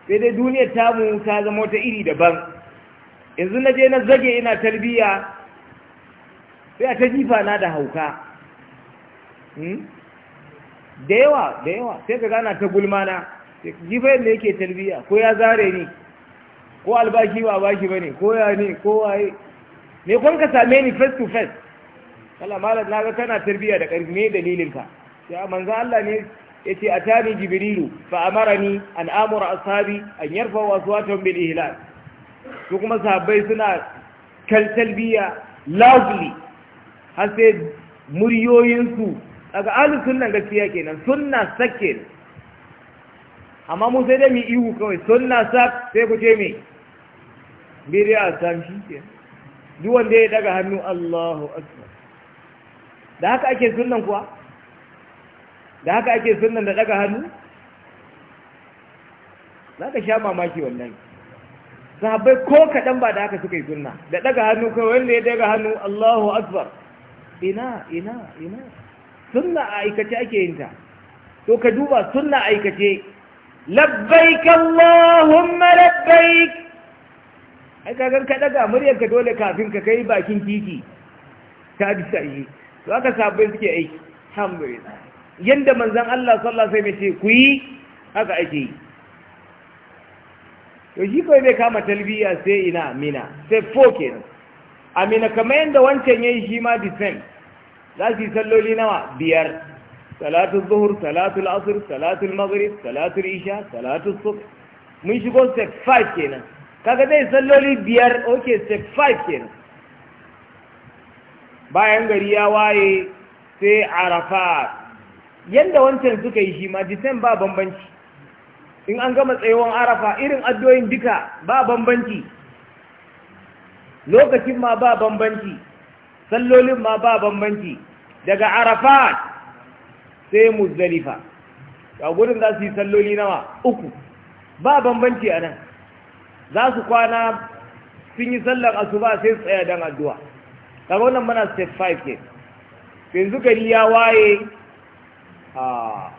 sai dai duniyar tamu ta zama wata iri daban yanzu na je na zage ina talbiya sai a ta jifa na da hauka hmm? da yawa da yawa sai ka gana ta gulmana jifa yadda yake talbiya ko ya zare ni ko albashi ba bashi ba ne ko ya ne ko waye me kwan ka same ni face to face Kala malam na ga tana tarbiya da ƙarfi ne dalilinka ya manzo Allah ne yace atani jibrilu fa amarani an amura ashabi an yarfa waswatun bil ihlal su kuma sahabbai suna kaltalbiya talbiya loudly har sai muryoyinsu daga ahlus sunnan gaskiya kenan sunna sakke amma mu sai dai mu ihu kawai sunna sak sai ku ce me a san shi ke duk wanda ya daga hannu Allahu akbar da haka ake sunnan kuwa da haka ake sunan da daga hannu za ka sha mamaki wannan sahabbai ko kaɗan ba da haka suka yi sunna da daga hannu kai wanda ya daga hannu Allahu akbar ina ina ina sunna a aikace ake yin ta to ka duba sunna aikace labbaik Allahumma labbaik ai kagan ka daga muryar ka dole kafin ka kai bakin titi ta bisa yi to haka sahabbai suke aiki alhamdulillah yadda manzan Allah sallallahu alaihi wasallam ce ku yi haka ake yi to shi kawai bai kama talbiya sai ina mina sai fo kenan amina kamar yadda wancan yayi shi ma the za su yi salloli nawa biyar salatul zuhur salatul asr salatul maghrib salatul isha salatul subh mun shigo step 5 kenan kaga zai salloli biyar okay step 5 kenan bayan gari ya waye sai arafat yadda wancan suka yi shi ma jisen ba bambanci in an gama tsayuwan arafa irin addoyin duka ba bambanci lokacin ma ba bambanci sallolin ma ba bambanci daga arafa sai muzdalifa a gudun za su yi salloli nawa uku ba bambanci a nan za su kwana sun yi sallar asuba sai su tsaya don addu'a kamar wannan mana step 5 ke yanzu gari ya waye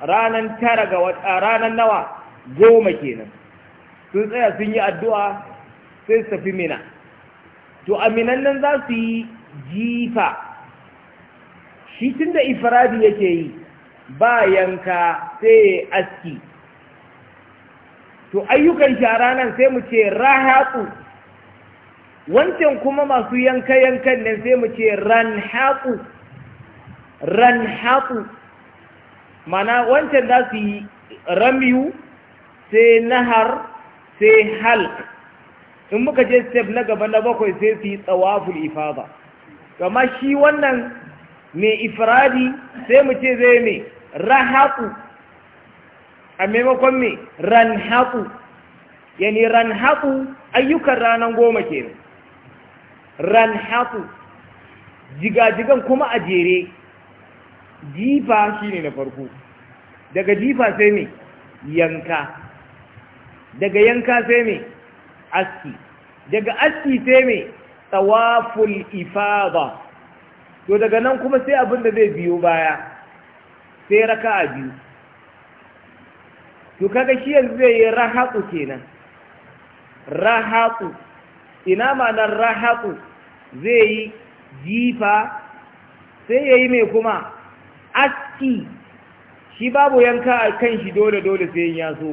ranan tara ga wata ranan nawa goma kenan sun tsaya sun yi addu'a sai su tafi mina to aminan nan za su yi jifa shi tun da ifradi yake yi ba yanka sai aski to ayyukan shi a ranar sai mu ce rahaku wancan kuma masu yanka-yankan nan sai mu ce ranhaku ranhaku mana wancan za su yi ramiyu sai nahar sai halk in muka je step na gaba na bakwai sai su yi tsawaful ifada kama shi wannan mai ifradi sai mu ce zai mai rahaku a maimakon mai ranhaku yani ranhaku ayyukan ranar goma ran ranhaku jigajigan kuma a jere jifa shine na farko daga jifa sai me yanka daga yanka sai me aski daga aski sai me tawaful ifada to daga nan kuma sai abinda zai biyo baya sai raka a biyu to kaga shi yanzu zai yi rahaku kenan rahaku ina ma'anar rahaku zai yi jifa sai ya yi mai kuma aski shi babu yanka a kan shi dole-dole sai yin yaso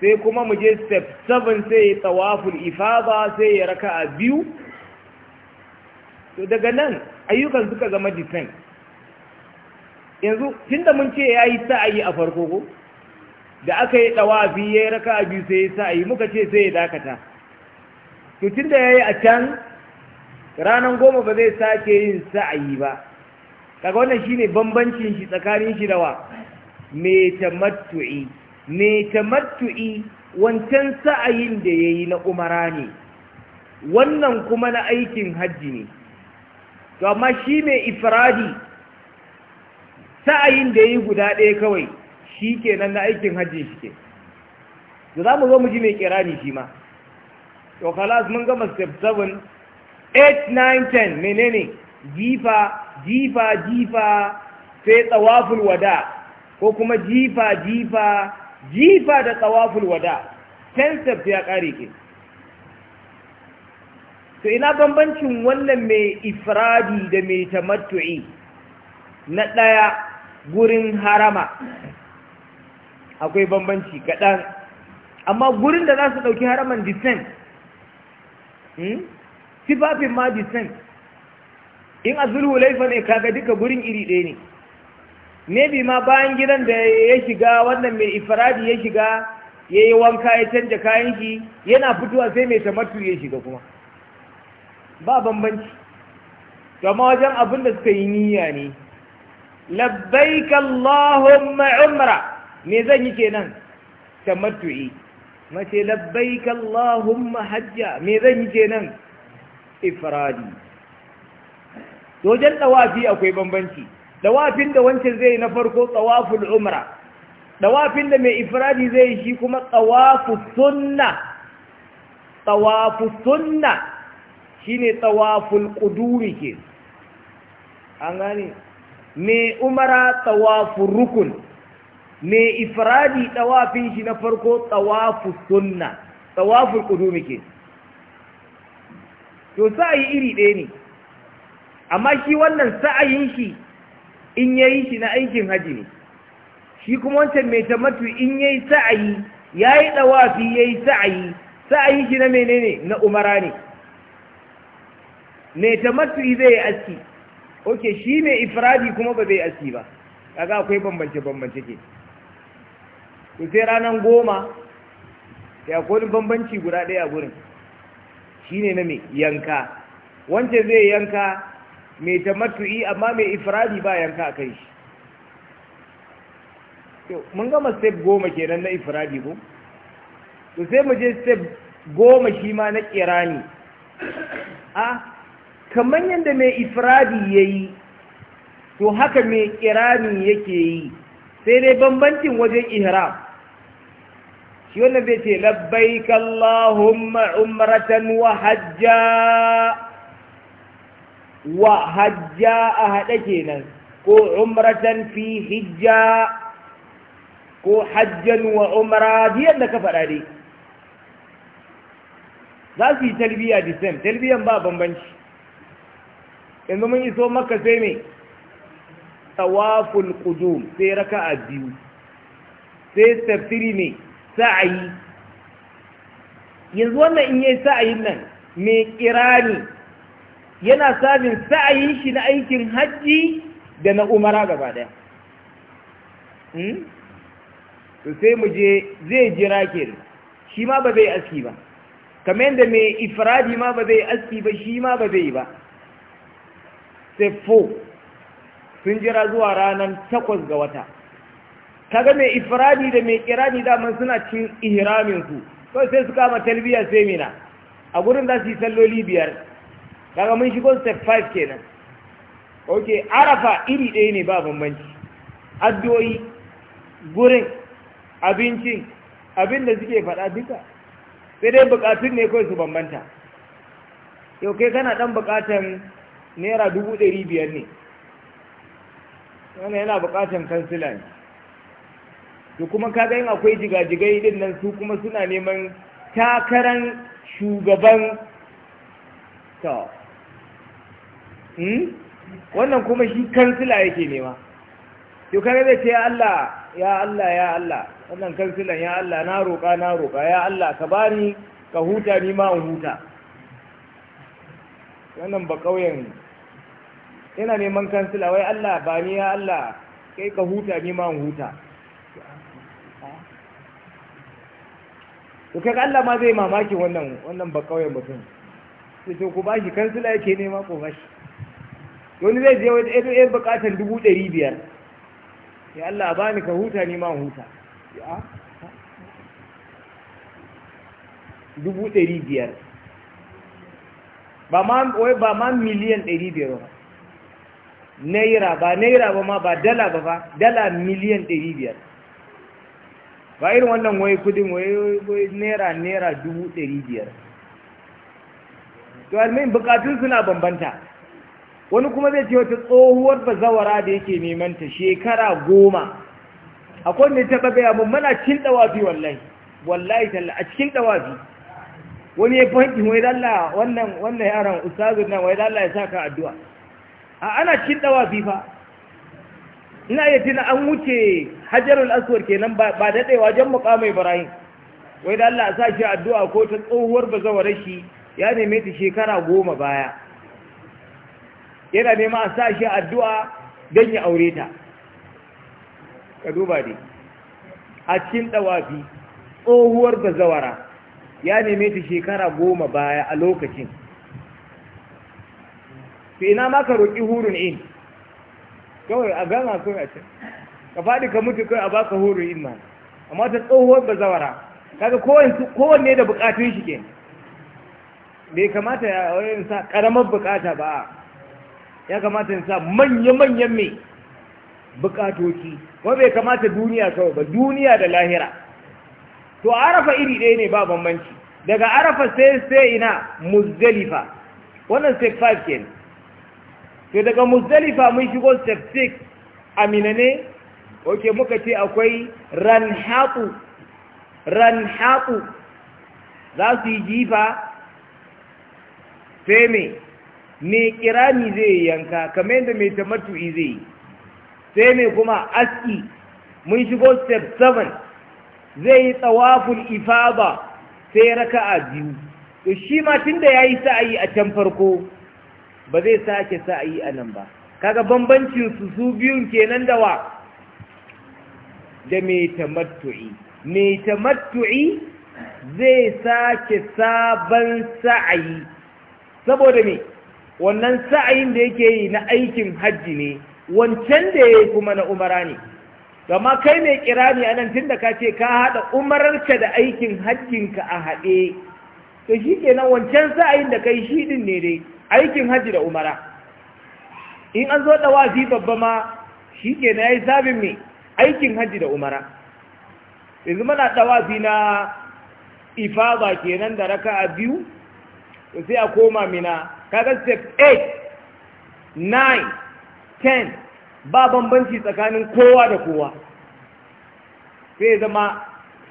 sai kuma mu je step 7 sai ya tsawaful ifaba sai ya raka a biyu to daga nan ayyukan suka zama different yanzu tun da mun ce ya yi sa'ayi a farko ko da aka yi tsawafi ya yi raka a biyu sai ya sa'ayi muka ce sai ya dakata to tun da ya yi a can ranar goma ba zai sake yin sa'ayi ba kaga wannan shine bambancin shi tsakanin shi da wa me tamattu'i me tamattu'i wancan sa'ayin da yayi na umara ne wannan kuma na aikin hajji ne to amma shi me ifradi sa'ayin da yayi guda ɗaya kawai shi na aikin hajji shi ke To za mu zo mu ji mai kirani shi ma to khalas mun gama step 7 8 9 10 menene gifa jifa jifa sai tsawaful wada ko kuma jifa jifa jifa da tsawaful wada concept ya kare ke to ina bambancin wannan mai ifradi da mai tamattu'i na ɗaya gurin harama akwai bambanci kaɗan amma gurin da za su ɗauki haraman dissent hmm? sifafin ma descent in a zulhulaifa ne kaga duka gurin iri ɗaya ne Ne bi ma bayan gidan da ya shiga wannan mai ifradi ya shiga ya yi wanka ya canja kayan shi yana fitowa sai mai tamattu ya shiga kuma ba bambanci kama wajen abin da suka yi niyya ne labbai Allahumma umra me zan yi kenan tamattu'i mace labbai Allahumma hajja me zan yi kenan ifradi to wajen dawafi akwai bambanci dawafin da wancan zai na farko tsawaful umra dawafin da mai ifradi zai shi kuma tsawafu sunna tsawafu sunna shine tsawaful quduri ke an gane mai umara tsawafun rukun mai ifradi ɗawafin shi na farko tsawafu sunna tsawaful quduri ke to sai iri ɗaya ne amma shi wannan sa'ayin shi in yayi shi na aikin haji ne shi kuma wancan mai tamatu in yayi sa'ayi yayi dawafi yayi sa'ayi sa'ayin shi na menene na umara ne mai tamatu zai aski oke shi mai ifradi kuma ba zai aski ba kaga akwai bambance bambance ke to sai ranar goma ya kodin bambanci guda ɗaya a gurin shine na mai yanka wanda zai yanka mai tamattu'i amma mai ifradi ba yanka a kai shi mun gama step goma kenan na ifradi ko to sai mu je step goma shi ma na kirani a kamar yadda mai ifradi ya yi to haka mai kirani yake yi sai dai bambancin wajen ihram shi wannan zai ce labbaik Allahumma wa hajja wa hajja a haɗe kenan ko umratan fi hijja ko hajjan wa umra biyan da ka faɗa dai za su yi talbiya the same talbiyan ba bambanci yanzu mun iso maka sai mai tawaful qudum sai raka'a biyu sai tafsiri ne sa'ayi yanzu wannan in yi sa'ayin nan mai kirani yana samun sa'ayin shi na aikin hajji da na umara gaba ɗaya hmm? to sai mu je zai jira ke shi ma ba zai aski ba kamar yadda mai ifradi ma ba zai aski ba shi ma ba zai ba sai fo sun jira zuwa ranar takwas ga wata kaga mai ifradi da mai kirani daman suna cin ihraminsu kawai sai su kama talbiya semina a gurin za su yi salloli biyar kaga mun shigo step 5 kenan okay arafa iri ɗaya ne ba bambanci addu'o'i gurin abincin abin da suke faɗa duka sai dai bukatun ne kawai su bambanta yau kai kana ɗan bukatan naira dubu ɗari biyar ne wannan yana bukatan kansila ne to kuma kaga yin akwai jigajigai din nan su kuma suna neman takaran shugaban ta Hmm? wannan kuma shi kansila yake nema to kare zai ce ya Allah ya Allah ya Allah wannan kansilan ya Allah na roƙa na roƙa ya Allah ka bani ka huta ni ma in huta wannan ba kauyen yana neman kansila wai Allah ba ni ya Allah kai ka huta ni ma in huta to kai Allah ma zai mamaki wannan wannan ba kauyen mutum sai ku bashi kansila yake nema ko bashi wani zai je wajen ɗaya ɗaya buƙatar dubu ɗari biyar ya Allah a bani ka huta ni ma huta dubu ɗari biyar ba ma miliyan ɗari biyar ba naira ba naira ba ma ba dala ba ba dala miliyan ɗari biyar ba irin wannan wai kudin wai naira naira dubu ɗari biyar to almin bukatun suna bambanta wani kuma zai ce wata tsohuwar bazawara da yake neman ta shekara goma akwai kwanne ta gaya mun mana cin dawafi wallahi wallahi talla a cikin dawafi wani ya fanki wai dalla wannan wannan yaran ustazu nan wai dalla ya saka addu'a a ana cin dawafi fa ina iya tuna an wuce hajarul aswar kenan ba daɗewa jan mukamai ibrahim wai da a sa shi addu'a ko ta tsohuwar bazawarar shi ya neme ta shekara goma baya yana nema a sa shi addu'a don yi aure ta ka duba dai a cikin ɗawafi tsohuwar da zawara ya neme ta shekara goma baya a lokacin to ina ma ka roƙi hurun in kawai a gama kawai a can ka faɗi ka mutu kai a baka hurun in ma amma ta tsohuwar da zawara kaga kowanne da buƙatun shi ke bai kamata ya wani sa ƙaramar buƙata ba ya kamata sa manya-manyan mai bukatoci kuma bai kamata duniya kawai ba duniya da lahira to arafa iri ɗaya ne ba bambanci daga arafa sai sai ina muzdalifa wannan step 5 kenan to daga muzdalifa mun shigo step 6 amina ne oke muka ce akwai ranhaku ranhaku za su yi jifa sai me mai kirani zai yanka kamar yadda mai tamatu'i zai yi sai mai kuma aski mun shigo step 7 zai yi tsawaful ifaba sai raka'a biyu to shi ma tunda yayi sa'ayi a can farko ba zai sake sa'ayi a nan ba kaga bambancin su su biyun kenan da wa da mai tamattu'i mai tamattu'i zai sake sabon sa'ayi saboda mai. wannan sa'ayin da yake yi na aikin hajji ne wancan da ya yi kuma na umara ne gama kai mai kirani a nan tun da ka ce ka haɗa umararka da aikin hajjinka a haɗe to shi kenan wancan sa'ayin da kai shi ɗin ne dai aikin hajji da umara in an zo ɗawafi babba ma shi kenan ya yi sabin mai aikin hajji da umara yanzu mana ɗawafi na Ifa ba kenan da raka a biyu sai a koma mina kaga step 8 9 10 ba bambanci tsakanin kowa da kowa sai zama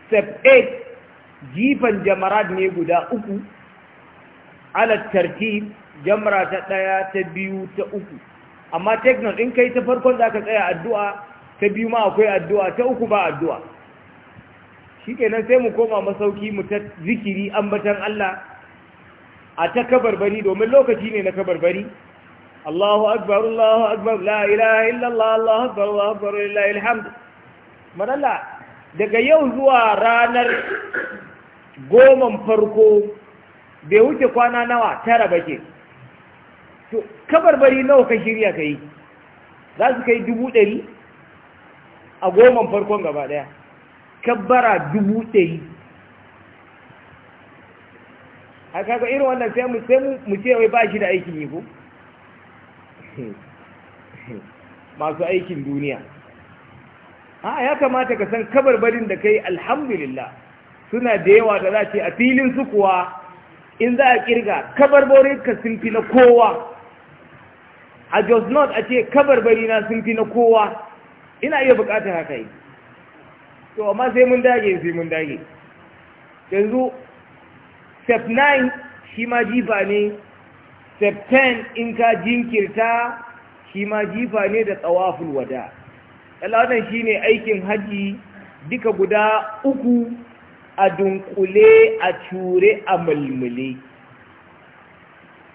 step 8 jifan jamarad ne guda uku alat tartib ta ɗaya ta biyu ta uku amma teknon in kai ta farkon za ka tsaya addu'a ta biyu ma akwai addu'a ta uku ba addu'a shi kenan sai mu koma masauki mu ta zikiri ambatan Allah a ta kabarbari domin lokaci ne na kabarbari Allahu akbar Allahu akbar la ilaha illallah Allahu akbar Allahu akbar lillahi alhamd madalla daga yau zuwa ranar goman farko bai wuce kwana nawa tara ba ke to kabarbari nawa ka shirya ka yi za su kai dubu ɗari a goman farkon gaba ɗaya kabbara dubu ɗari a kaga irin wannan sai mu sai mu ce wai ba shi da aikin yi ko masu aikin duniya a ya kamata ka san kabar barin da kai alhamdulillah suna da yawa da za ce a filin su kuwa in za a kirga kabarbarin ka sun fi na kowa a jos not a ce kabarbari na sun fi na kowa ina iya bukatar haka yi to amma sai mun dage sai mun dage yanzu step 9 shi ma jifa ne step 10 in ka jinkirta shi ma jifa ne da tsawaful wada talatan shi ne aikin haji duka guda uku a dunkule a ture a mulmule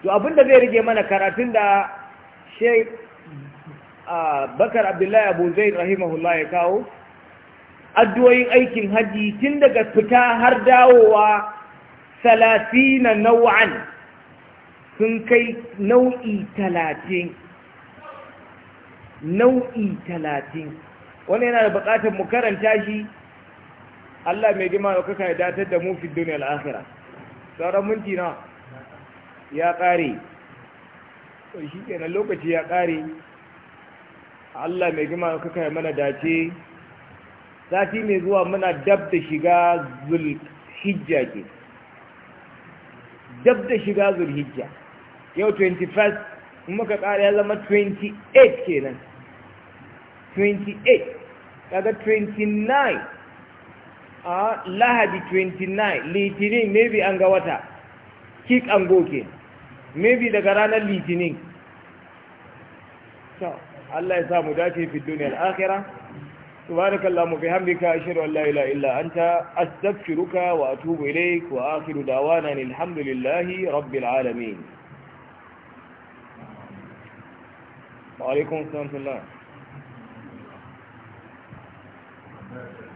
to abinda zai rage mana karatun da a bakar abdullahi abu zai rahimahullah ya kawo addu'o'in aikin haji tun daga fita har dawowa salasina nau'an sun kai nau'i talatin nau'i talatin wani yana da bukatar mu karanta shi Allah mai gima da kuka ya datar da mu fi duniyar akhira sauran minti na ya kare ƙare shi kenan lokaci ya kare Allah mai gima da kuka ya mana dace sati mai zuwa muna dab da shiga zulhijja ke dab da shiga zurhijja yau 21 in muka ƙara ya zama 28 kenan 28 kaga 29 a lahadi 29 litinin maybe an ga wata kik an goke maybe daga ranar litinin so Allah ya samu dace fi duniyar akhirah سبحانك اللهم وبحمدك أشهد أن لا إله إلا أنت أستغفرك وأتوب إليك وآخر دعوانا الحمد لله رب العالمين وعليكم السلام ورحمة الله